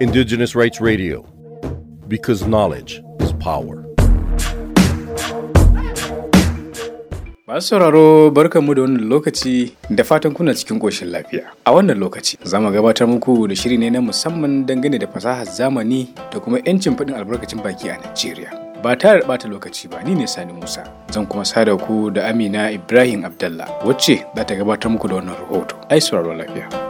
Indigenous Rights Radio, because knowledge is power. Masu sauraro barkanmu da wannan lokaci da fatan kuna cikin ƙoshin lafiya. A wannan lokaci za mu gabatar muku da shiri ne na musamman dangane da fasahar zamani da kuma 'yancin faɗin albarkacin baki a Najeriya. ba tare da ɓata lokaci ba ni ne sani musa zan kuma sada ku da amina ibrahim abdallah wacce za ta gabatar muku da wannan rahoto ai sauraro lafiya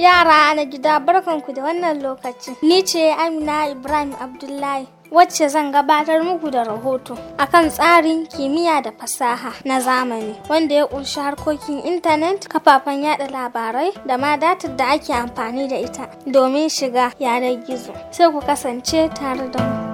Yara na gida barkanku da wannan lokaci. Ni ce Amina Ibrahim Abdullahi. wacce zan gabatar muku da rahoto akan tsarin kimiyya da fasaha na zamani wanda ya ƙunshi harkokin intanet kafafen yada labarai da ma datar da ake amfani da ita domin shiga yanar gizo sai ku kasance tare da mu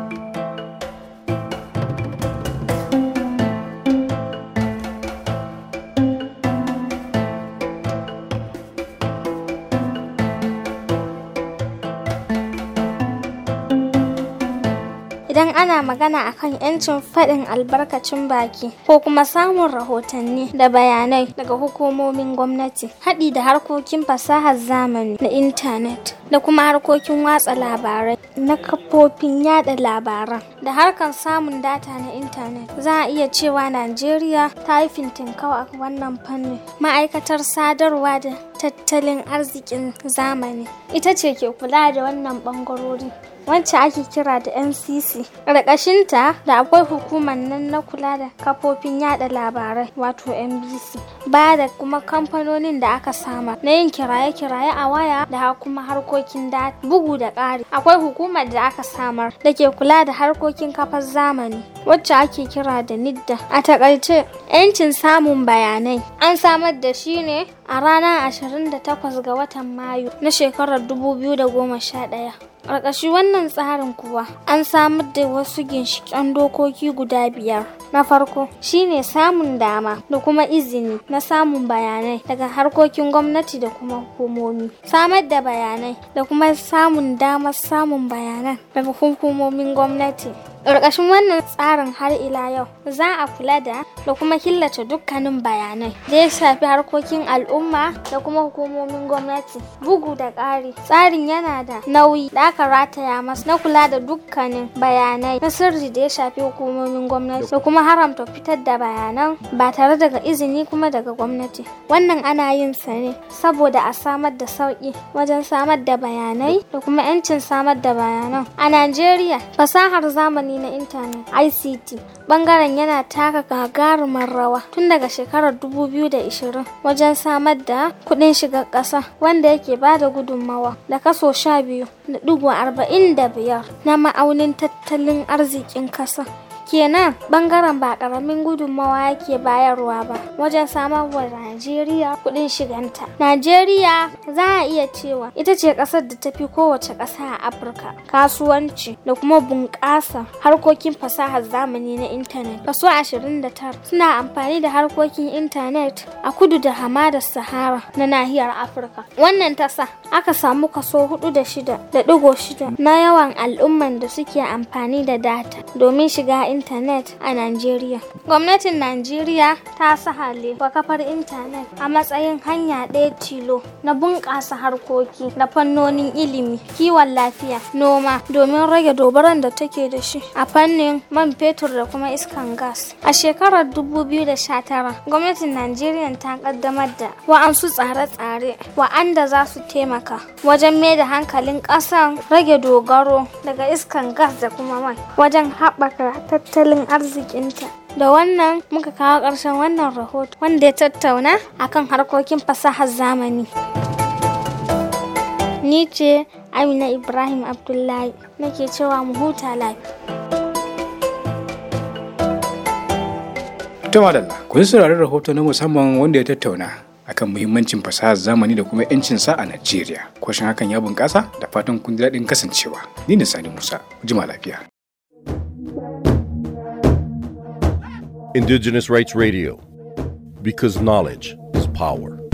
idan ana magana akan 'yancin faɗin albarkacin baki ko kuma samun rahotanni da bayanai daga hukumomin gwamnati haɗi da harkokin fasahar zamani na intanet da kuma harkokin watsa labarai na kafofin yada labaran da harkar samun data na intanet za a iya cewa najeriya ta yi fintinkau a wannan fannin ma'aikatar sadarwa da tattalin arzikin zamani ita ce ke kula da wannan bangarori wacce ake kira da ncc ƙarƙashinta da akwai hukumar nan na kula da kafofin yada labarai wato nbc ba da kuma kamfanonin da aka sama na yin kiraye-kiraye a waya da kuma harkokin bugu da ƙari akwai hukumar da aka samar da ke kula da harkokin kafar zamani wacce ake kira da nidda a takaice 'yancin samun bayanai an samar da shi ne a ranar 28 ga watan mayu na shekarar 2011 ƙarƙashin wannan tsarin kuwa an samar da wasu ginshiƙan dokoki guda biyar na farko shine samun dama da kuma izini na samun bayanai daga harkokin gwamnati da kuma hukumomi samar da bayanai da kuma samun damar samun bayanan daga hukumomin gwamnati ƙarƙashin wannan tsarin har ila yau za a kula da da kuma killace dukkanin bayanai da ya shafi harkokin al'umma da kuma hukumomin gwamnati bugu da ƙari tsarin yana da nauyi da aka rataya masa na kula da dukkanin bayanai na sirri da ya shafi hukumomin gwamnati da kuma haramta fitar da bayanan ba tare daga izini kuma daga gwamnati wannan ana yin sa ne saboda a samar da sauki wajen samar da bayanai da kuma 'yancin samar da bayanan a najeriya fasahar zamani na intanet ict bangaren yana taka gagarumar rawa tun daga shekarar da 2020 wajen samar da kudin shigar ƙasa wanda yake bada da gudunmawa da kaso 12 da arba'in da biyar na ma'aunin tattalin arzikin ƙasa. Kenan bangaren ba karamin gudunmawa yake bayarwa ba wajen samar wa Najeriya kuɗin shiganta. Najeriya za a iya cewa ita ce ƙasar da ta fi kowace ƙasa a Afirka kasuwanci da kuma bunƙasa harkokin fasahar zamani na intanet. Kaso 29 suna amfani da harkokin intanet a kudu da hamada Sahara na nahiyar Afirka. Wannan tasa aka samu kaso 4.6 na yawan al'umman da suke amfani da data domin shiga intanet a Najeriya. Gwamnatin Najeriya ta sahale wa kafar intanet a matsayin hanya ɗaya tilo na bunƙasa harkoki Na fannonin ilimi, kiwon lafiya, noma domin rage dobaran da take da shi a fannin man fetur da kuma iskan gas. A shekarar 2019, gwamnatin Najeriya ta ƙaddamar da wa'ansu tsare-tsare wa'anda za su taimaka wajen mai da hankalin ƙasan rage dogaro daga iskan gas da kuma man, wajen haɓaka tattalin tattalin arzikinta. Da wannan muka kawo ƙarshen wannan rahoto wanda ya tattauna akan harkokin fasahar zamani. Ni ce Amina Ibrahim Abdullahi nake cewa mu huta lafiya. ta madalla kun saurari rahoto na musamman wanda ya tattauna akan muhimmancin fasahar zamani da kuma 'yancin sa a Najeriya. Kwashin hakan ya bunƙasa da fatan kun daɗin kasancewa. Ni ne Sani Musa, jima lafiya. Indigenous Rights Radio, because knowledge is power.